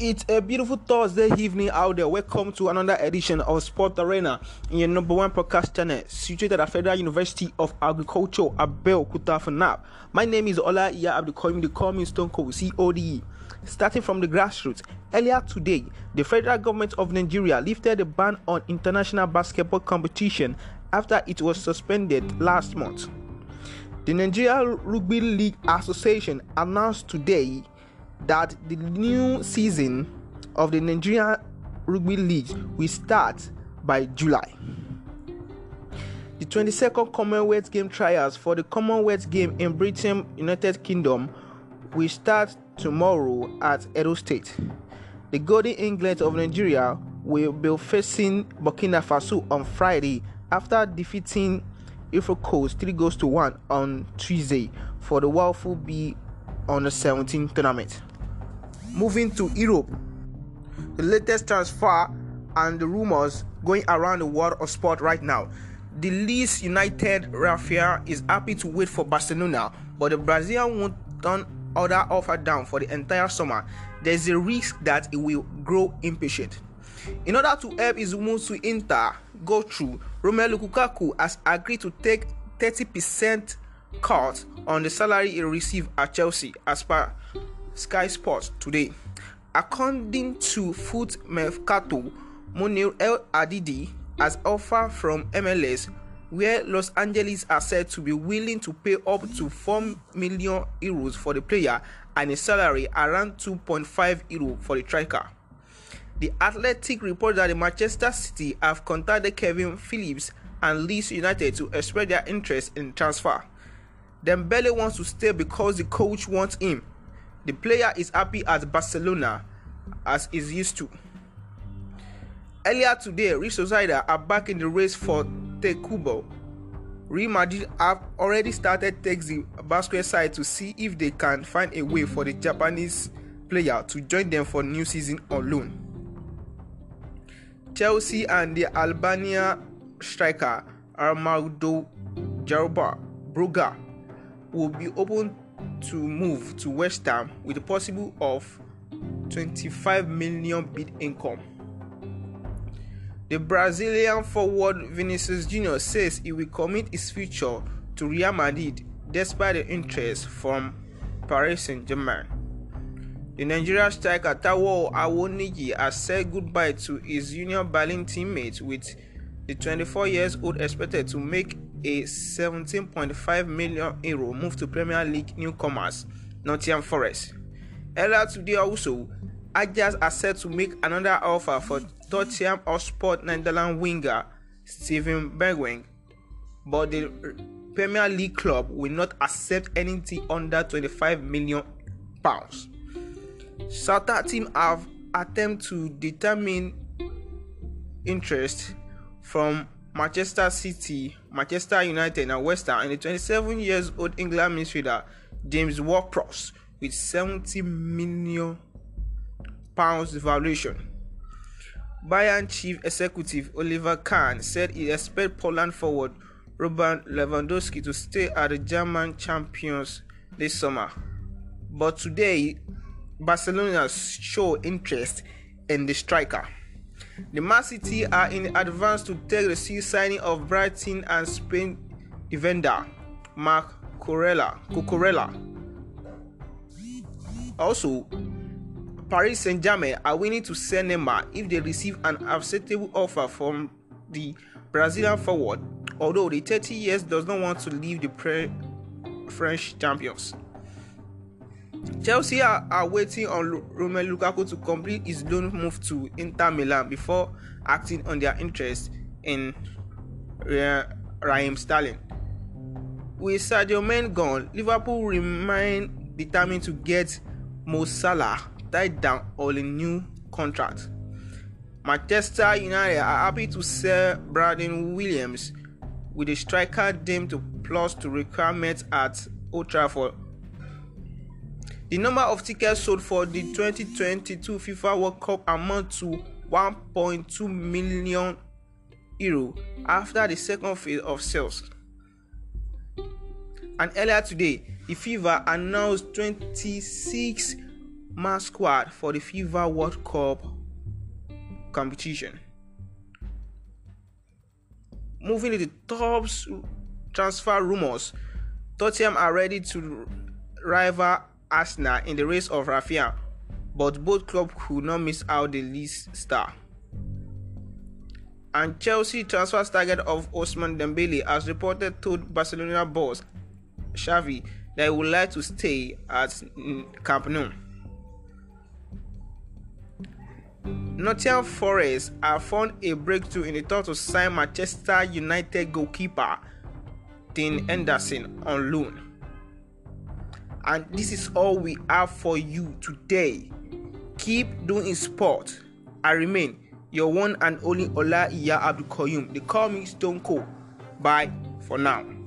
It's a beautiful Thursday evening out there. Welcome to another edition of Sport Arena, your number one podcast channel, situated at Federal University of Agriculture, Abeokuta, FNAP. My name is Ola Iya Abdulkoyim, the Coming Stone Co, CODE. Starting from the grassroots, earlier today, the federal government of Nigeria lifted the ban on international basketball competition after it was suspended last month. The Nigeria Rugby League Association announced today that the new season of the Nigerian Rugby League will start by July. The 22nd Commonwealth Game trials for the Commonwealth Game in Britain, United Kingdom will start tomorrow at Edo State. The Golden England of Nigeria will be facing Burkina Faso on Friday after defeating Ifo Coast 3 goals to 1 on Tuesday for the Waffle B under 17 tournament. Moving to Europe, the latest transfer and the rumors going around the world of sport right now. The Leeds United Rafael is happy to wait for Barcelona, but the Brazilian won't turn other offer down for the entire summer. There's a risk that it will grow impatient. In order to help his move to Inter go through, Romelu Lukaku has agreed to take 30% cut on the salary he received at Chelsea as per Sky Sports today. According to Foot Mercato, Munir El Adidi has offer from MLS where Los Angeles are said to be willing to pay up to 4 million euros for the player and a salary around 2.5 euro for the striker. The Athletic reports that the Manchester City have contacted Kevin Phillips and Leeds United to express their interest in transfer. Dembele wants to stay because the coach wants him. The player is happy at Barcelona as is used to. Earlier today, Real Sociedad are back in the race for Tecubo. Real Madrid have already started texting the basket side to see if they can find a way for the Japanese player to join them for new season on loan. Chelsea and the Albania striker Armando Jaruba Bruga will be open to move to West Ham with the possible of 25 million bid income. The Brazilian forward Vinicius Jr. says he will commit his future to Real Madrid despite the interest from Paris Saint Germain. The Nigerian striker Tawo Awoniji has said goodbye to his Union Berlin teammates with the 24 years old expected to make a 17.5 million euro move to Premier League newcomers Nottingham Forest. Earlier today, also, Ajax are set to make another offer for Tottenham Sport Netherlands winger Steven Bergwijn, but the Premier League club will not accept anything under 25 million pounds. Sata team have attempted to determine interest from Manchester City, Manchester United, and West Ham, and the 27 years old England midfielder James Ward-Prowse with 70 million pounds valuation. Bayern chief executive Oliver Kahn said he expects Poland forward Robert Lewandowski to stay at the German champions this summer. But today, Barcelona show interest in the striker. The Man City are in advance to take the C signing of Brighton and Spain defender Mark Corella. Cucurella. Also, Paris Saint Germain are willing to sell Neymar if they receive an acceptable offer from the Brazilian forward, although the 30 years does not want to leave the pre- French champions. Chelsea are, are, waiting on Romelu Lukaku to complete his loan move to Inter Milan before acting on their interest in Raheem Sterling. With Sadio Mane gone, Liverpool remain determined to get Mo Salah tied down on a new contract. Manchester United are happy to sell Braden Williams with a striker deemed to plus to requirements at Old Trafford the number of tickets sold for the 2022 FIFA World Cup amount to 1.2 million euro after the second phase of sales. And earlier today, the FIFA announced 26 man squad for the FIFA World Cup competition. Moving to the top transfer rumors, Tottenham are ready to rival Arsenal in the race of Rafinha, but both clubs could not miss out the least star. And Chelsea transfer target of Osman Dembele, as reported, told Barcelona boss Xavi that he would like to stay at mm, Camp Nou. Nottingham Forest have found a breakthrough in the thought to sign Manchester United goalkeeper Dean Anderson on loan. And this is all we have for you today. Keep doing sport. I remain your one and only Ola Iya Abdul Koyum. They call me Stone Cold. Bye for now.